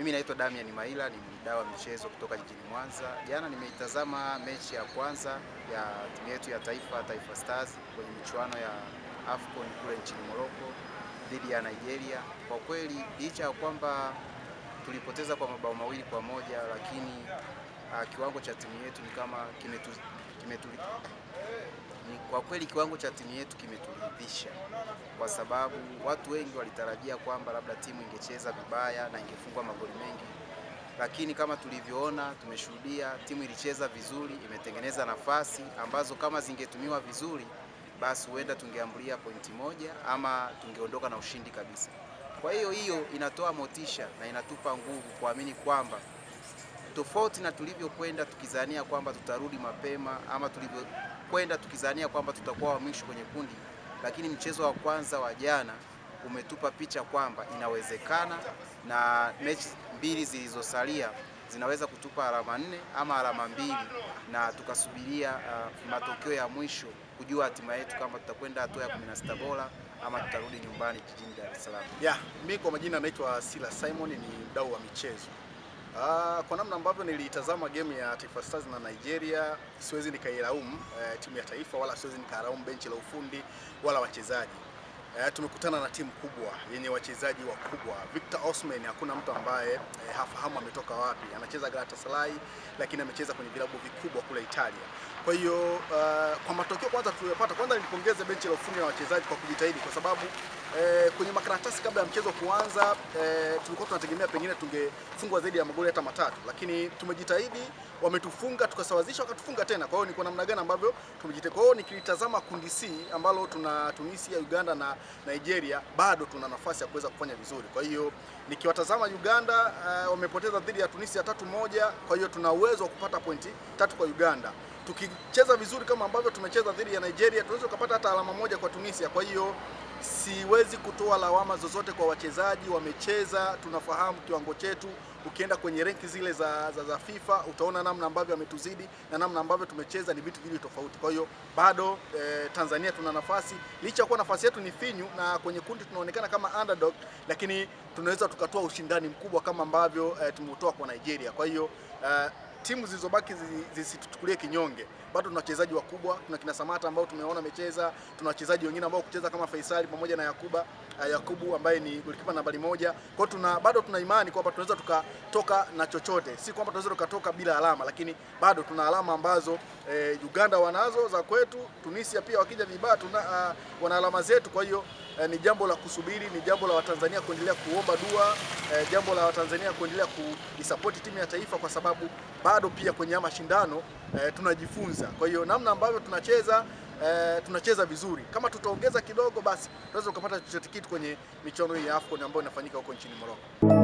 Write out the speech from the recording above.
Mimi naitwa Damian Maila, ni mdau wa michezo kutoka jijini Mwanza. Jana nimeitazama mechi ya kwanza ya timu yetu ya taifa, Taifa Stars kwenye michuano ya AFCON kule nchini Morocco dhidi ya Nigeria. Kwa kweli licha ya kwamba tulipoteza kwa mabao mawili kwa moja lakini uh, kiwango cha timu yetu ni kama kimetu, kimetu, ni kwa kweli kiwango cha timu yetu kimeturidhisha, kwa sababu watu wengi walitarajia kwamba labda timu ingecheza vibaya na ingefungwa magoli mengi, lakini kama tulivyoona, tumeshuhudia timu ilicheza vizuri, imetengeneza nafasi ambazo kama zingetumiwa vizuri, basi huenda tungeambulia pointi moja ama tungeondoka na ushindi kabisa. Kwa hiyo hiyo inatoa motisha na inatupa nguvu kuamini kwamba tofauti na tulivyokwenda tukizania kwamba tutarudi mapema ama tulivyokwenda tukizania kwamba tutakuwa wa mwisho kwenye kundi, lakini mchezo wa kwanza wa jana umetupa picha kwamba inawezekana, na mechi mbili zilizosalia zinaweza kutupa alama nne ama alama mbili, na tukasubiria uh, matokeo ya mwisho kujua hatima yetu kama tutakwenda hatua ya 16 bora ama tutarudi nyumbani jijini Dar es Salaam. Yeah, mimi kwa majina naitwa Sila Simon, ni mdau wa michezo. Uh, kwa namna ambavyo niliitazama game ya Taifa Stars na Nigeria, siwezi nikailaumu uh, timu ya taifa wala siwezi nikalaumu benchi la ufundi wala wachezaji. E, tumekutana na timu kubwa yenye wachezaji wakubwa. Victor Osimhen hakuna mtu ambaye e, hafahamu ametoka wapi. Anacheza Galatasaray lakini amecheza kwenye vilabu vikubwa kule Italia. Kwa hiyo uh, kwa matokeo kwanza tuliyopata, kwanza nilipongeza benchi la ufundi na wachezaji kwa kujitahidi, kwa sababu eh, kwenye makaratasi kabla ya mchezo kuanza eh, tulikuwa tunategemea pengine tungefungwa zaidi ya magoli hata matatu, lakini tumejitahidi, wametufunga tukasawazisha, wakatufunga tena. Kwa hiyo ni kwa namna gani ambavyo tumejitahidi. Kwa hiyo nikilitazama kundi C ambalo tuna Tunisia, Uganda na Nigeria bado tuna nafasi ya kuweza kufanya vizuri. Kwa hiyo nikiwatazama Uganda uh, wamepoteza dhidi ya Tunisia tatu moja, kwa hiyo tuna uwezo wa kupata pointi tatu kwa Uganda. Tukicheza vizuri kama ambavyo tumecheza dhidi ya Nigeria, tunaweza kupata hata alama moja kwa Tunisia. Kwa hiyo siwezi kutoa lawama zozote kwa wachezaji, wamecheza, tunafahamu kiwango chetu ukienda kwenye renki zile za, za, za FIFA utaona namna ambavyo ametuzidi na namna ambavyo tumecheza ni vitu viwili tofauti. Kwa hiyo bado eh, Tanzania tuna nafasi licha kuwa nafasi yetu ni finyu na kwenye kundi tunaonekana kama underdog, lakini tunaweza tukatoa ushindani mkubwa kama ambavyo eh, tumeutoa kwa Nigeria. Kwa hiyo eh, timu zilizobaki zisituchukulie kinyonge. Bado tuna wachezaji wakubwa, tuna kina Samata ambao tumeona amecheza, tuna wachezaji wengine ambao kucheza kama Faisali pamoja na Yakuba eh, Yakubu ambaye ni golikipa nambari moja. Kwa tuna bado tuna imani kwamba tunaweza tukatoka na chochote, si kwamba tunaweza tukatoka bila alama, lakini bado tuna alama ambazo e, Uganda wanazo za kwetu, Tunisia pia wakija vibaya tuna uh, wana alama zetu, kwa hiyo eh, ni jambo la kusubiri, ni jambo la Watanzania kuendelea kuomba dua eh, jambo la Watanzania kuendelea kuisapoti timu ya taifa, kwa sababu bado pia kwenye mashindano eh, tunajifunza. Kwa hiyo namna ambavyo tunacheza eh, tunacheza vizuri, kama tutaongeza kidogo, basi tunaweza tukapata chochote kitu kwenye michuano hii ya AFCON ambayo inafanyika huko nchini Morocco.